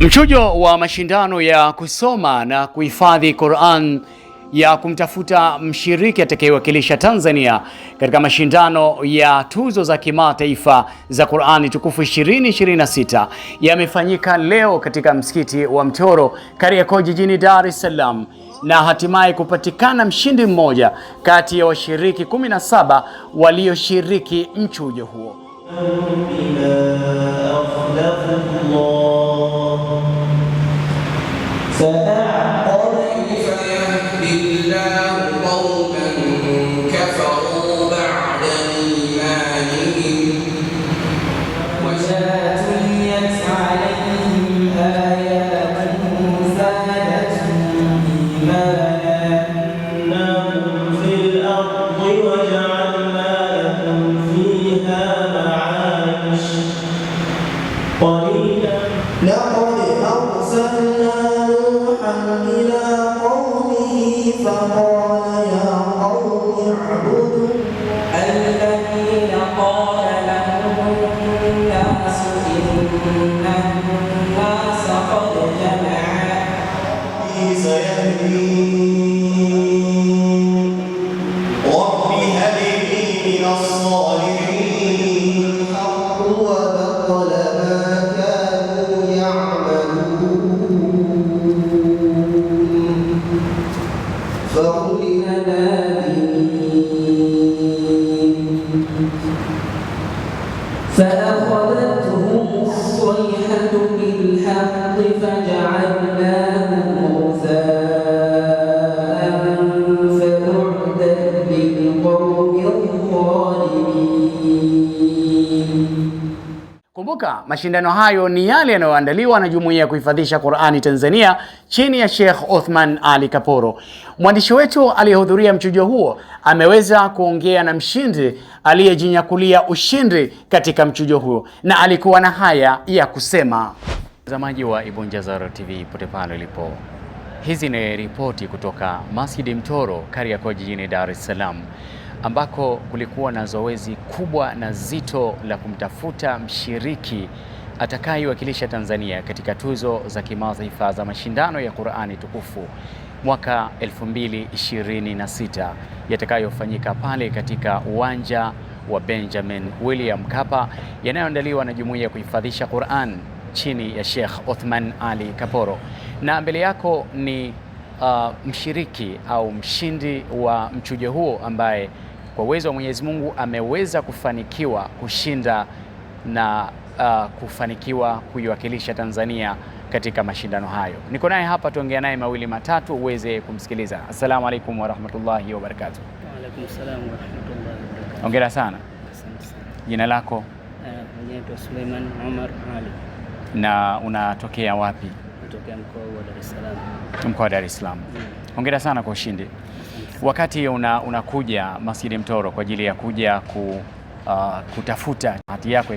Mchujo wa mashindano ya kusoma na kuhifadhi Qur'an ya kumtafuta mshiriki atakayewakilisha Tanzania katika mashindano ya tuzo za kimataifa za Qur'ani tukufu 2026 yamefanyika leo katika msikiti wa Mtoro Kariakoo jijini Dar es Salaam na hatimaye kupatikana mshindi mmoja kati ya washiriki 17 walioshiriki mchujo huo. فأعلم قليلا لقد أرسلنا نوحا إلى قومه فقال يا قوم اعبدوا الذين قال له الناس إن الناس قد جمعا سيهديه فأخذ Kumbuka mashindano hayo ni yale yanayoandaliwa na Jumuiya ya Kuhifadhisha Qur'ani Tanzania chini ya Sheikh Othman Ali Kaporo. Mwandishi wetu aliyehudhuria mchujo huo ameweza kuongea na mshindi aliyejinyakulia ushindi katika mchujo huo na alikuwa na haya ya kusema. Mtazamaji wa Ibunja Zara TV pote pale ulipo. Hizi ni ripoti kutoka Masjidi Mtoro Kariakoo jijini Dar es Salaam ambako kulikuwa na zoezi kubwa na zito la kumtafuta mshiriki atakayewakilisha Tanzania katika tuzo za kimataifa za mashindano ya Qur'ani tukufu mwaka 2026 yatakayofanyika pale katika uwanja wa Benjamin William Mkapa yanayoandaliwa na Jumuiya ya Kuhifadhisha Qur'an chini ya Sheikh Othman Ali Kaporo, na mbele yako ni uh, mshiriki au mshindi wa mchujo huo ambaye kwa uwezo wa Mwenyezi Mungu ameweza kufanikiwa kushinda na uh, kufanikiwa kuiwakilisha Tanzania katika mashindano hayo. Niko naye hapa tuongea naye mawili matatu uweze kumsikiliza. Assalamu alaikum warahmatullahi wabarakatu Wa alaikum salaam warahmatullahi wabarakatuh. Hongera sana. Jina lako? Uh, Suleiman Omar Ali. Na unatokea wapi? kutokea mkoa wa Dar es Salaam. Mkoa wa Dar es Salaam. Hongera sana kwa ushindi. Wakati una, unakuja Masjidi Mtoro kwa ajili ya kuja ku, uh, kutafuta hati yako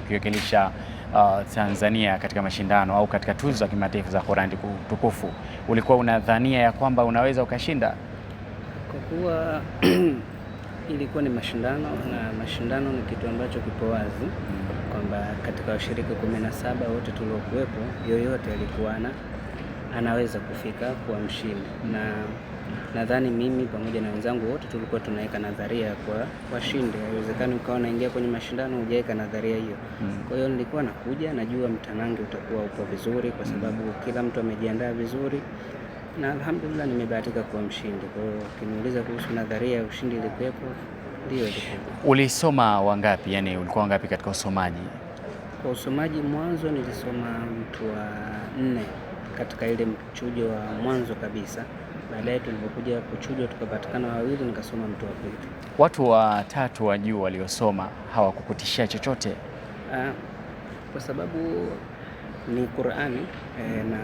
ya uh, Tanzania katika mashindano au katika tuzo za kimataifa za Qur'an tukufu, ulikuwa unadhania ya kwamba unaweza ukashinda? Kwa kuwa ilikuwa ni mashindano na mashindano ni kitu ambacho kipo wazi mm kwamba katika washiriki kumi na saba wote tuliokuwepo, yoyote alikuwa ana anaweza kufika kuwa mshindi, na nadhani mimi pamoja na wenzangu wote tulikuwa tunaweka nadharia kwa washinde. Haiwezekani ukawa unaingia kwenye mashindano hujaweka nadharia hiyo. Hmm. Kwa hiyo nilikuwa nakuja, najua mtanange utakuwa upo vizuri, kwa sababu kila mtu amejiandaa vizuri na alhamdulillah nimebahatika kuwa mshindi. Kwa hiyo ukiniuliza kuhusu nadharia ya ushindi ilikuwepo. Ndio. Ulisoma wangapi? yani ulikuwa wangapi katika usomaji? Kwa usomaji mwanzo nilisoma mtu wa nne katika ile mchujo wa mwanzo kabisa. Baadaye tulipokuja kuchujwa tukapatikana wawili, nikasoma mtu wa pili. Watu watatu wa juu waliosoma hawakukutishia chochote? Uh, kwa sababu ni Qur'ani eh, na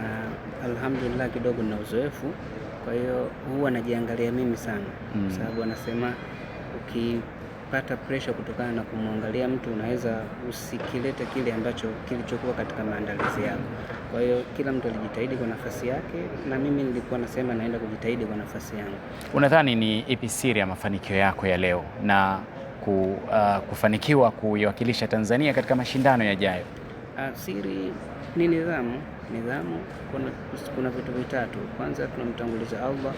alhamdulillah kidogo na uzoefu, kwa hiyo huwa najiangalia mimi sana kwa mm, sababu anasema ukipata pressure kutokana na kumwangalia mtu unaweza usikilete kile ambacho kilichokuwa katika maandalizi yako. Kwa hiyo kila mtu alijitahidi kwa nafasi yake, na mimi nilikuwa nasema naenda kujitahidi kwa nafasi yangu. Unadhani ni ipi siri ya mafanikio yako ya leo na ku, uh, kufanikiwa kuiwakilisha Tanzania katika mashindano yajayo? Uh, siri ni nidhamu. Nidhamu kuna, kuna vitu vitatu. Kwanza tunamtanguliza Allah,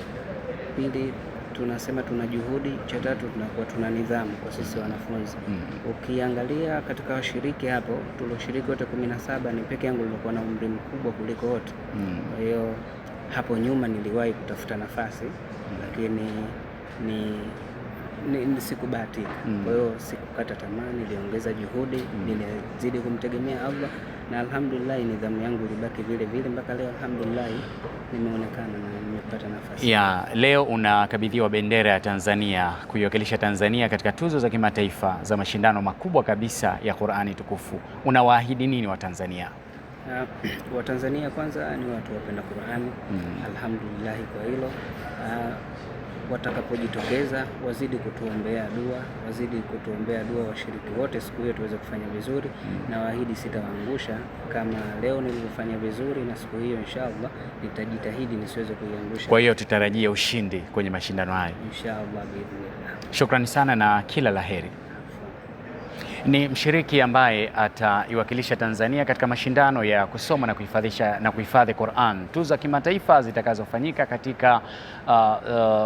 pili tunasema tuna juhudi, cha tatu tunakuwa tuna nidhamu kwa sisi wanafunzi mm. Ukiangalia katika washiriki hapo tulioshiriki wote kumi na saba ni peke yangu nilikuwa na umri mkubwa kuliko wote mm. Kwa hiyo hapo nyuma niliwahi kutafuta nafasi mm. lakini ni sikubahatika. Mm. Kwa hiyo sikukata tamaa, niliongeza juhudi. Mm. Nilizidi kumtegemea Allah na alhamdulillah, nidhamu yangu ilibaki vile vile mpaka leo alhamdulillah, nimeonekana na nimepata nafasi. Yeah, leo unakabidhiwa bendera ya Tanzania kuiwakilisha Tanzania katika tuzo za kimataifa za mashindano makubwa kabisa ya Qur'ani tukufu. Unawaahidi nini Watanzania? Uh, Watanzania kwanza ni watu wapenda Qur'ani. Mm. Alhamdulillah kwa hilo. Uh, watakapojitokeza wazidi kutuombea dua, wazidi kutuombea dua washiriki wote, siku hiyo tuweze kufanya vizuri, mm. na waahidi sitawaangusha. Kama leo nilivyofanya vizuri, na siku hiyo inshallah nitajitahidi nisiweze kuiangusha. Kwa hiyo tutarajia ushindi kwenye mashindano hayo inshallah. Shukrani sana na kila laheri ni mshiriki ambaye ataiwakilisha Tanzania katika mashindano ya kusoma na kuhifadhisha na kuhifadhi Qur'an, tuzo za kimataifa zitakazofanyika katika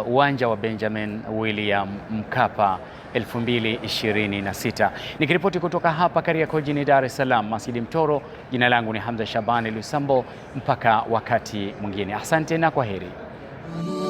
uwanja uh, uh, wa Benjamin William Mkapa 2026. Nikiripoti kutoka hapa Kariakoo jijini Dar es Salaam, Masidi Mtoro, jina langu ni Hamza Shabani Lusambo, mpaka wakati mwingine, asante na kwaheri.